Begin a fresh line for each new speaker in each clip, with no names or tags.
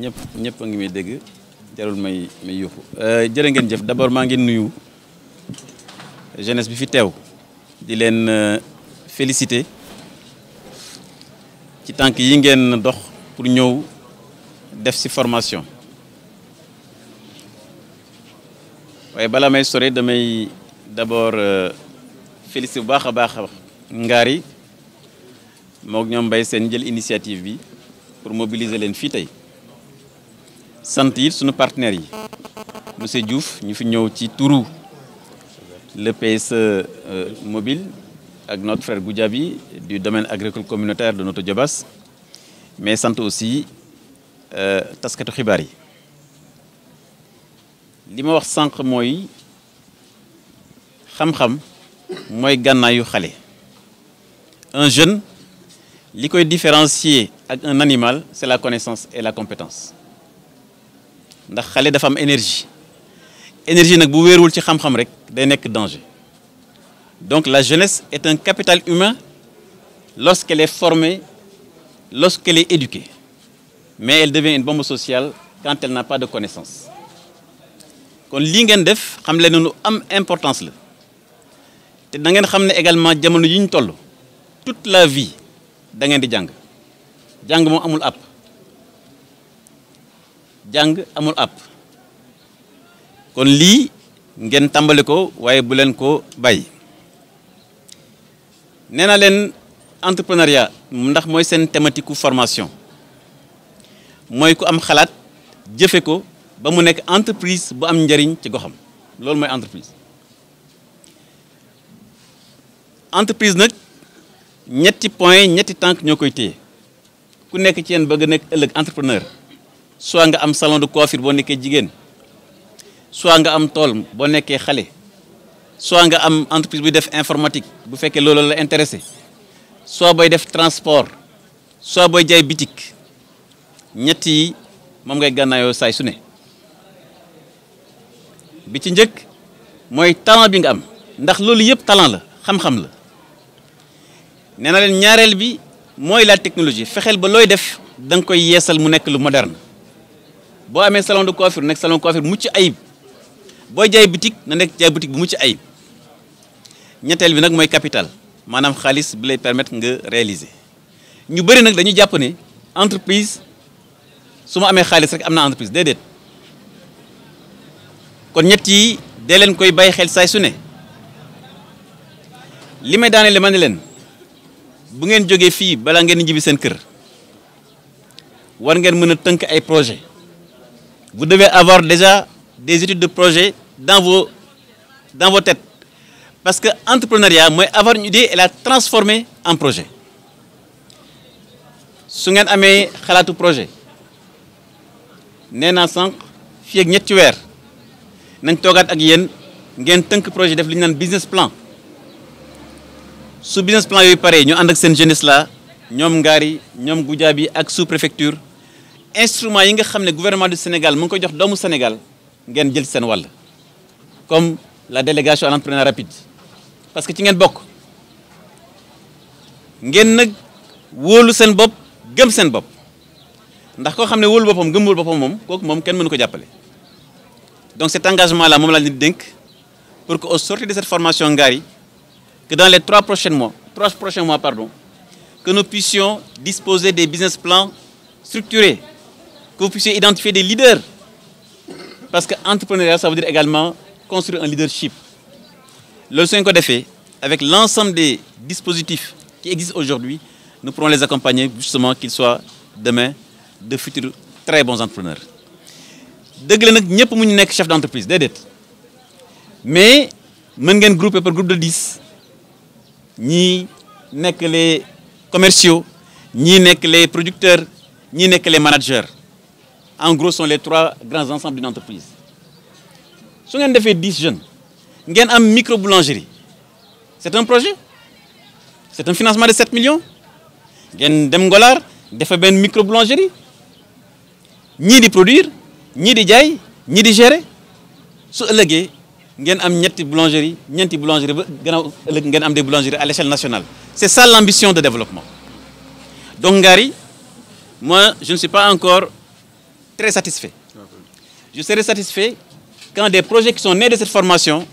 ñep ñep ngi may dégg jarul may may yuuxu euh, jërë ngeen jëf d'abord ma ngi nuyu jeunesse bi fi tew di leen euh, féliciter ci tank yi ngeen dox pour ñëw def ci formation way bala may sore damay d'abord euh, féliciter bu baaxa baax ngaari mook ñom bay seen jël initiative bi pour mobiliser leen fi tay sentir sur nos partenaires monsieur Diouf nous fi ñëw ci le PSE euh, mobile avec notre frère Goudjabi, du domaine agricole communautaire de notre Djabas, mais sentons aussi euh, taskatu Kibari. Ce li ma wax sànq c'est xam-xam suis un jeune ce qui différencier avec un animal c'est la connaissance et la compétence ndax xalé dafa am énergie énergie nak bu wérul ci xam-xam rek day danger donc la jeunesse est un capital humain lorsqu'elle est formée lorsqu'elle est éduquée mais elle devient une bombe sociale quand elle n'a pas de connaissances kon li ngeen def xam leen lu am importance la té da ngeen xamné également jamono yiñ ñu toute la vie da ngeen di jang jang mo amul app Jang amul app kon li ngeen tambale ko waye bu len ko bay. Nenalen len leen entrepreneuriat ndax moy sen thématique formation moy ku am xalat jëfe ko ba mu nek entreprise bu am njariñ ci goxam loolu moy entreprise entreprise nak ñetti point ñetti tank ñokoy koy ku nek ci yeen bëgg nek ëlëk entrepreneur soit nga am salon de coiffure boo nekkee jigéen soit nga am tool boo nekkee xale soit nga am entreprise buy def informatique bu fekkee loolu la intéressé soit booy def transport soit booy jaay bitik ñetti moom ngay gànnaayoo saay su ne bi ci njëkk mooy talent bi nga am ndax loolu yëpp talent la xam-xam la nee na leen ñaareel bi mooy la technologie fexeel ba looy def da nga koy yeesal mu nekk lu moderne boo amee salon de coiffure nekk salon de coiffure mucc ayib booy jaay boutique na nekk jaay boutique bu mucc ayib ñetteel bi nag mooy capital maanaam xaalis bi lay permettre nga réaliser ñu bëri nag dañu jàpp ne entreprise su ma amee xaalis rek am na entreprise déedéet kon ñett yi dee leen koy bàyyi xel saay su ne li may daane le ma ne leen bu ngeen jógee fii balaa ngeen ñibbi seen kër war ngeen mën a tënk ay projet Vous devez avoir déjà des études de projet dans vos, dans vos têtes. Parce que l'entrepreneuriat, moi, avoir une idée et la transformer en projet. Si vous avez un projet nee naa sànq fii ak ñetti weer nañ toogaat ak yéen projet def business plan su business plan yu pare ñu ànd ak seen jeunesse la ñoom ngaari ñoom gujaa bi ak sous préfecture instrument yi nga xamné gouvernement du Sénégal mu ngi ko jox doomu Sénégal ngeen jël sen wal comme la délégation à l'entreprenariat rapide parce que ci ngeen bok ngeen nag wolu sen bop gëm sen bop ndax ko xamné wolu bopam boppam gëmul boppam moom kooku moom mënu ko jappalé donc cet engagement là mom la leen denk pour que au sortir de cette formation Ngari que dans les trois prochains mois trois prochains mois pardon que nous puissions disposer des business plans structurés que vous puissiez identifier des leaders. Parce que entrepreneuriat, ça veut dire également construire un leadership. Le soin qu'on fait, avec l'ensemble des dispositifs qui existent aujourd'hui, nous pourrons les accompagner justement qu'ils soient demain de futurs très bons entrepreneurs. Nous pas chef d'entreprise Mais, mais nous ngeen grouper par groupe de 10 nous que les commerciaux nous que les producteurs nous que les managers en gros sont les trois grands ensembles d'une entreprise Si vous fait 10 jeunes avez une micro boulangerie C'est un projet C'est un financement de 7 millions Vous dem Ngolaar defe une micro boulangerie Ni de produire ni de gérer. ni de gérer su ëllëgee ngeen am ñetti boulangerie petite boulangerie à l'échelle nationale C'est ça l'ambition de développement donc Gary, moi je ne suis pas encore très satisfait. Je serai satisfait quand des projets qui sont nés de cette formation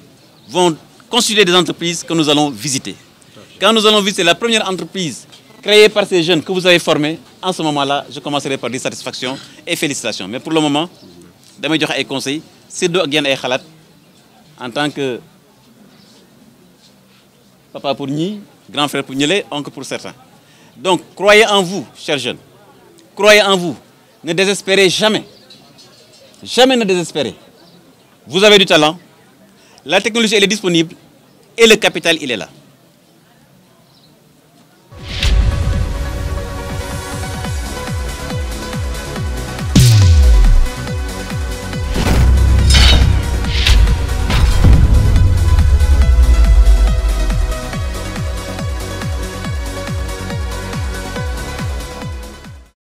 vont constituer des entreprises que nous allons visiter. Quand nous allons visiter la première entreprise créée par ces jeunes que vous avez formés, en ce moment-là, je commencerai par des satisfactions et félicitations. Mais pour le moment, je vais vous des conseils. C'est de Khalat, en tant que papa pour Ni, grand frère pour nous, oncle pour certains. Donc, croyez en vous, chers jeunes. Croyez en vous. Ne désespérez jamais. Jamais ne désespérez. Vous avez du talent. La technologie, elle est disponible. Et le capital, il est là.